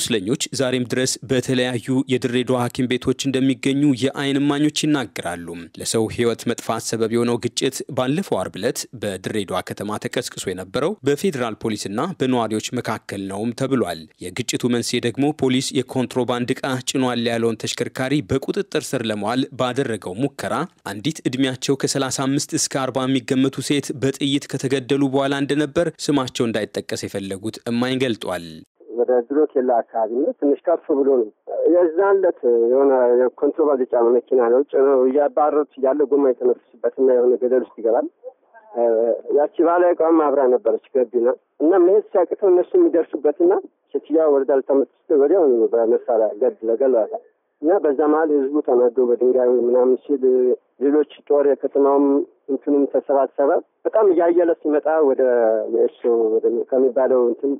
ቁስለኞች ዛሬም ድረስ በተለያዩ የድሬዳዋ ሐኪም ቤቶች እንደሚገኙ የአይን እማኞች ይናገራሉ። ለሰው ሕይወት መጥፋት ሰበብ የሆነው ግጭት ባለፈው አርብ ዕለት በድሬዳዋ ከተማ ተቀስቅሶ የነበረው በፌዴራል ፖሊስና በነዋሪዎች መካከል ነውም ተብሏል። የግጭቱ መንስኤ ደግሞ ፖሊስ የኮንትሮባንድ ዕቃ ጭኗል ያለውን ተሽከርካሪ በቁጥጥር ስር ለመዋል ባደረገው ሙከራ አንዲት እድሜያቸው ከ35 እስከ 40 የሚገመቱ ሴት በጥይት ከተገደሉ በኋላ እንደነበር ስማቸው እንዳይጠቀስ የፈለጉት እማኝ ገልጧል። ወደ ድሮ ኬላ አካባቢ ነው። ትንሽ ከፍ ብሎ ነው። የዛን ዕለት የሆነ የኮንትሮባንድ የጫነ መኪና ነው ጭነው እያባረሩት እያለ ጎማ የተነፍስበትና የሆነ ገደል ውስጥ ይገባል። ያቺ ባህላዊ እቃም አብራ ነበረች ገቢና እና መሄድ ሲያቅተው እነሱ የሚደርሱበትና ሴትዮዋ ወርዳ ልተመትስ ወዲያው በመሳሪያ ገድ ለገሏታል። እና በዛ መሀል ህዝቡ ተናዶ በድንጋይ ምናምን ሲል ሌሎች ጦር የከተማውም እንትንም ተሰባሰበ። በጣም እያየለ ሲመጣ ወደ ሶ ከሚባለው እንትን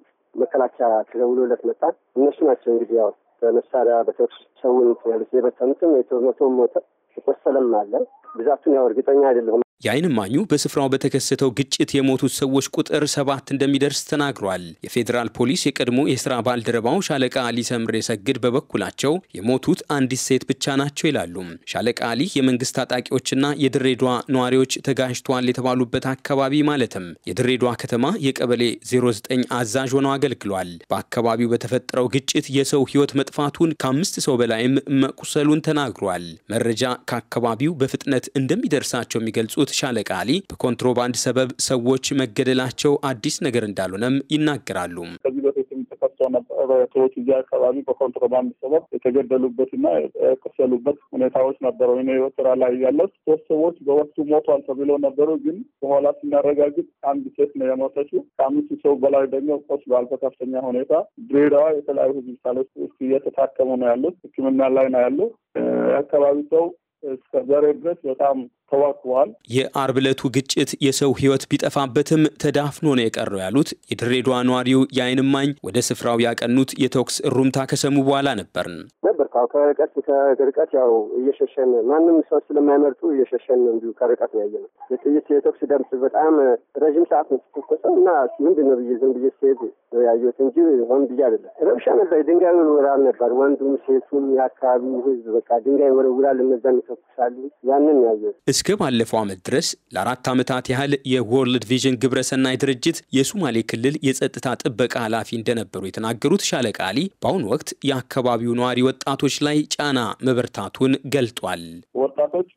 መከላከያ ተደውሎለት መጣ። እነሱ ናቸው እንግዲህ ያው በመሳሪያ በተኩስ ሰውን ያሉት የበተኑትም መቶ ሞተ የቆሰለም አለ። ብዛቱን ያው እርግጠኛ አይደለሁም። የአይን ማኙ በስፍራው በተከሰተው ግጭት የሞቱት ሰዎች ቁጥር ሰባት እንደሚደርስ ተናግሯል። የፌዴራል ፖሊስ የቀድሞ የስራ ባልደረባው ሻለቃ አሊ ሰምሬ ሰግድ በበኩላቸው የሞቱት አንዲት ሴት ብቻ ናቸው ይላሉ። ሻለቃ አሊ የመንግስት ታጣቂዎችና የድሬዳዋ ነዋሪዎች ተጋጅተዋል የተባሉበት አካባቢ ማለትም የድሬዷ ከተማ የቀበሌ 09 አዛዥ ሆነው አገልግሏል። በአካባቢው በተፈጠረው ግጭት የሰው ህይወት መጥፋቱን ከአምስት ሰው በላይም መቁሰሉን ተናግሯል። መረጃ ከአካባቢው በፍጥነት እንደሚደርሳቸው የሚገልጹት የሞት ሻለቃ አሊ በኮንትሮባንድ ሰበብ ሰዎች መገደላቸው አዲስ ነገር እንዳልሆነም ይናገራሉ። ሰዎች እዚህ አካባቢ በኮንትሮባንድ ሰበብ የተገደሉበትና የቆሰሉበት ሁኔታዎች ነበረው። እኔ ስራ ላይ ያለው ሶስት ሰዎች በወቅቱ ሞቷል ተብሎ ነበሩ፣ ግን በኋላ ስናረጋግጥ አንድ ሴት ነው የሞተችው። ከአምስቱ ሰው በላይ ደግሞ ቆስሏል በከፍተኛ ሁኔታ። ድሬዳዋ የተለያዩ ሆስፒታሎች ውስጥ እየተታከሙ ነው ያሉት፣ ሕክምና ላይ ነው ያሉ የአካባቢ ሰው እስከ ዛሬ ድረስ በጣም ተዋግተዋል። የአርብ ዕለቱ ግጭት የሰው ህይወት ቢጠፋበትም ተዳፍኖ ነው የቀረው ያሉት የድሬዳዋ ነዋሪው የአይንማኝ ወደ ስፍራው ያቀኑት የተኩስ እሩምታ ከሰሙ በኋላ ነበርን። አዎ ከርቀት ከርቀት ያው እየሸሸን ማንም ሰው ስለማይመርጡ እየሸሸን እንዲሁ ከርቀት ነው ያየነው። የጥይት የተኩስ ድምፅ በጣም ረዥም ሰዓት ነው እና ምንድን ነው ብዬ ዝም ብዬ ስሄድ ነው ያየሁት እንጂ ሆን ብዬ አይደለም። ረብሻ ነበር፣ ድንጋይ ወርውራል ነበር። ወንዱም ሴቱም የአካባቢው ህዝብ በቃ ድንጋይ ወርውራል፣ እነዛም ይተኩሳሉ። ያንን ያየሁት እስከ ባለፈው ዓመት ድረስ ለአራት ዓመታት ያህል የወርልድ ቪዥን ግብረሰናይ ድርጅት የሱማሌ ክልል የጸጥታ ጥበቃ ኃላፊ እንደነበሩ የተናገሩት ሻለቃ አሊ በአሁኑ ወቅት የአካባቢው ነዋሪ ወጣቶች ላይ ጫና መበርታቱን ገልጧል።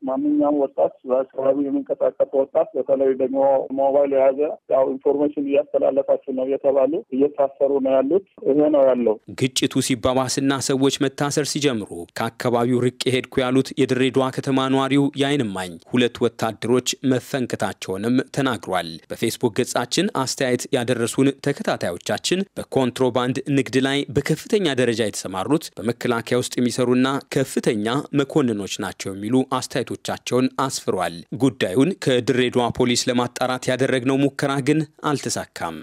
ማንኛውም ወጣት በአካባቢ የሚንቀሳቀስ ወጣት በተለይ ደግሞ ሞባይል የያዘ ያው ኢንፎርሜሽን እያስተላለፋችሁ ነው እየተባሉ እየታሰሩ ነው ያሉት። ይሄ ነው ያለው። ግጭቱ ሲባባስና ሰዎች መታሰር ሲጀምሩ ከአካባቢው ርቅ የሄድኩ ያሉት የድሬዳዋ ከተማ ነዋሪው የአይንማኝ ሁለት ወታደሮች መፈንከታቸውንም ተናግሯል። በፌስቡክ ገጻችን አስተያየት ያደረሱን ተከታታዮቻችን በኮንትሮባንድ ንግድ ላይ በከፍተኛ ደረጃ የተሰማሩት በመከላከያ ውስጥ የሚሰሩና ከፍተኛ መኮንኖች ናቸው የሚሉ አስተያየቶ ንብረቶቻቸውን አስፍሯል። ጉዳዩን ከድሬዳዋ ፖሊስ ለማጣራት ያደረግነው ሙከራ ግን አልተሳካም።